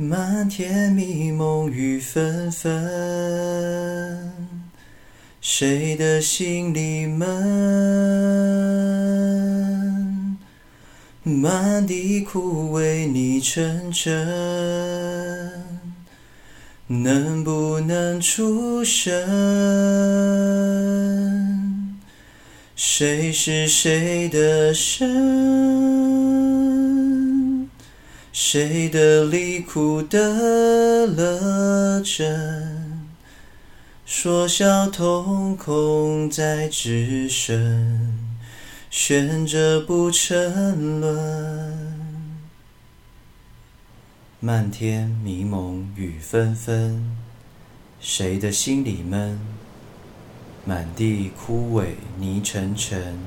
漫天迷濛雨紛紛，誰的心裡悶？滿地枯萎泥沉沉，能不能出神？誰是誰的神誰的離苦得樂真？縮小瞳孔在自身，選擇不沉淪。漫天迷濛雨紛紛，誰的心裡悶？滿地枯萎泥沉沉，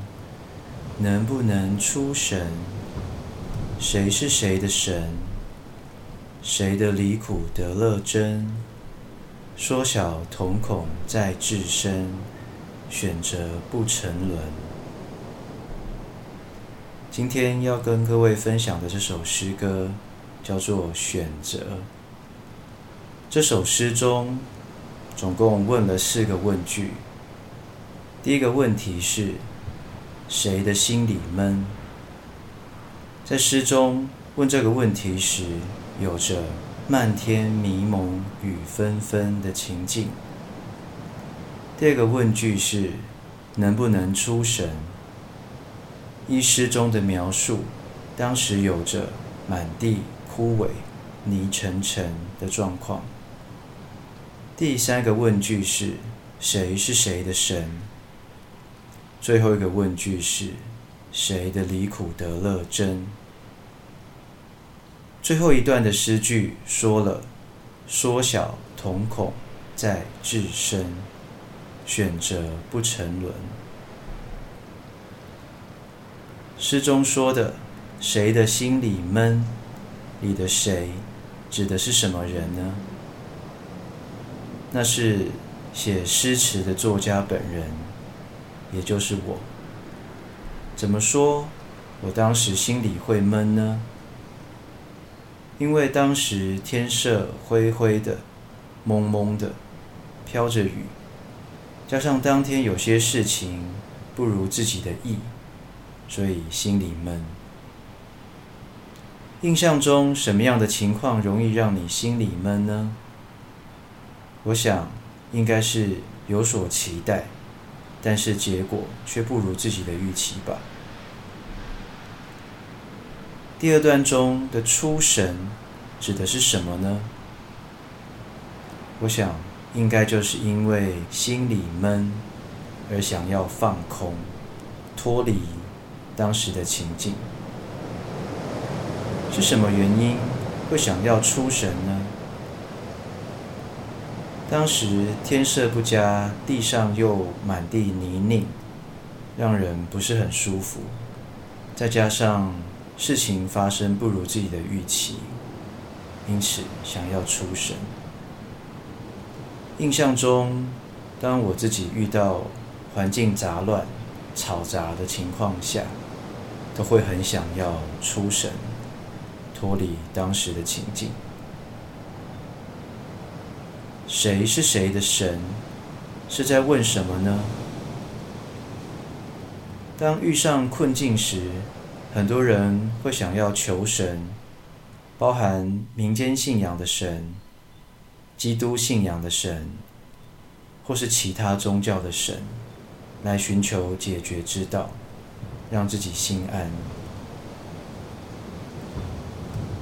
能不能出神？誰是誰的神？誰的離苦得樂真？縮小瞳孔在自身，選擇不沉淪。今天要跟各位分享的這首詩歌叫做《選擇》。這首詩中總共問了四個問句。第一個問題是：誰的心裡悶？在詩中問這個問題時，有着漫天迷濛、雨紛紛的情境。第二個問句是：能不能出神？依詩中的描述，當時有着滿地枯萎、泥沉沉的狀況。第三個問句是誰是誰的神？最後一個問句是誰的離苦得樂真？最後一段的詩句說了：“縮小瞳孔，在自身，選擇不沉淪。詩中說的“誰的心裡悶”，你的“誰”指的是什麼人呢？那是寫詩詞的作家本人，也就是我。怎麼說我當時心裡會悶呢？因為當時天色灰灰的，蒙蒙的，飄着雨，加上當天有些事情不如自己的意，所以心裡悶。印象中什麼樣的情況容易讓你心裡悶呢？我想應該是有所期待，但是結果却不如自己的預期吧。第二段中的出神指的是什麼呢？我想應該就是因為心裡悶，而想要放空，脫離當時的情境。是什麼原因會想要出神呢？當時天色不佳，地上又滿地泥濘，讓人不是很舒服，再加上。事情發生不如自己的預期，因此想要出神。印象中，當我自己遇到環境雜亂、吵雜的情況下，都會很想要出神，脫離當時的情境。誰是誰的神？是在問什麼呢？當遇上困境時，很多人會想要求神，包含民間信仰的神、基督信仰的神，或是其他宗教的神，來尋求解決之道，讓自己心安。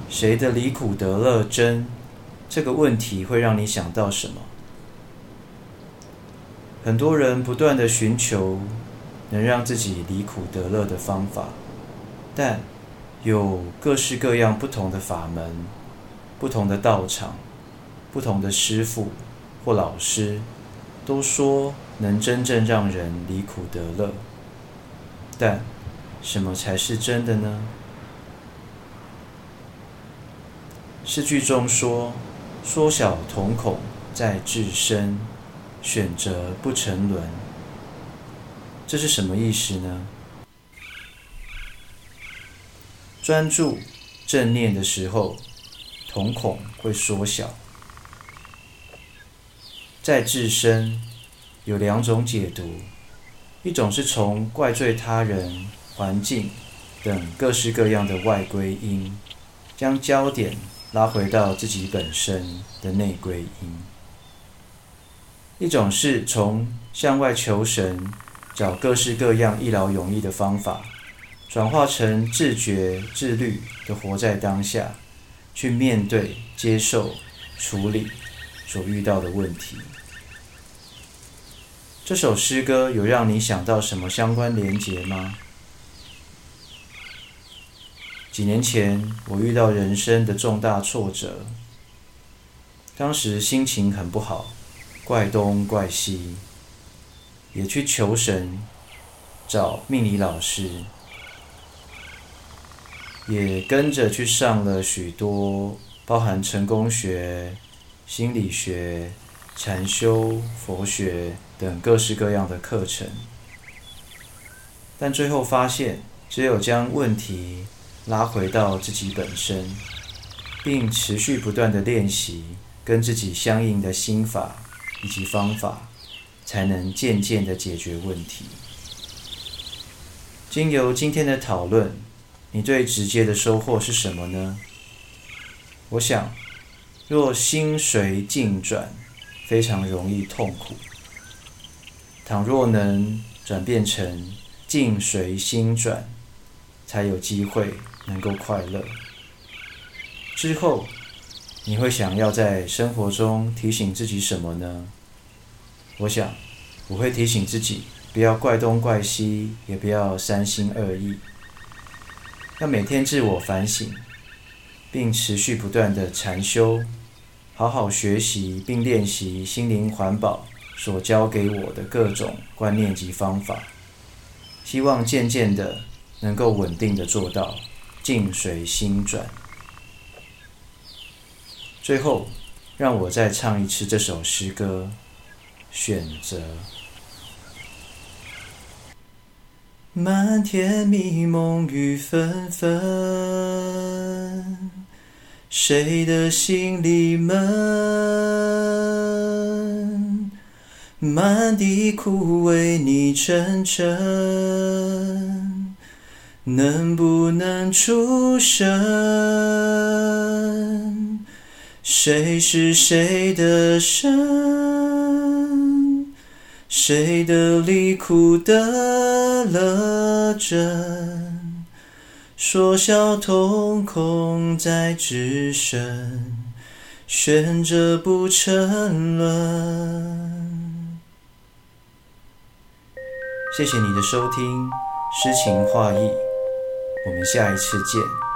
誰的離苦得樂真？這個問題會讓你想到什麼？很多人不斷地尋求能讓自己離苦得樂的方法。但有各式各樣不同的法門、不同的道場、不同的師父或老師，都說能真正讓人離苦得樂。但什麼才是真的呢？詩句中說：“縮小瞳孔在自身，選擇不沉淪。”這是什麼意思呢？專注正念的時候，瞳孔會縮小。在自身有兩種解讀：一種是從怪罪他人、環境等各式各樣的外歸因，將焦點拉回到自己本身的內歸因；一種是從向外求神，找各式各樣一勞永逸的方法。轉化成自覺、自律的活在當下，去面對、接受、處理所遇到的問題。這首詩歌有讓你想到什麼相關連結嗎？幾年前我遇到人生的重大挫折，當時心情很不好，怪東怪西，也去求神，找命理老師。也跟着去上了許多包含成功學、心理學、禪修、佛學等各式各樣的課程，但最後發現，只有將問題拉回到自己本身，並持續不斷的練習跟自己相應的心法以及方法，才能漸漸的解決問題。經由今天的討論。你最直接的收穫是什麼呢？我想，若心隨境轉，非常容易痛苦；倘若能轉變成境隨心轉，才有機會能夠快樂。之後，你會想要在生活中提醒自己什麼呢？我想，我會提醒自己，不要怪東怪西，也不要三心二意。要每天自我反省，並持續不斷地禪修，好好學習並練習心靈環保所教給我的各種觀念及方法，希望漸漸地能夠穩定地做到境隨心轉。最後，讓我再唱一次這首詩歌，選擇。漫天迷濛雨紛紛，誰的心裡悶？滿地枯萎泥沉沉，能不能出神？誰是誰的神？誰的離苦得樂真？縮小瞳孔在自身，選擇不沉淪。謝謝你的收聽，詩情話意，我們下一次見。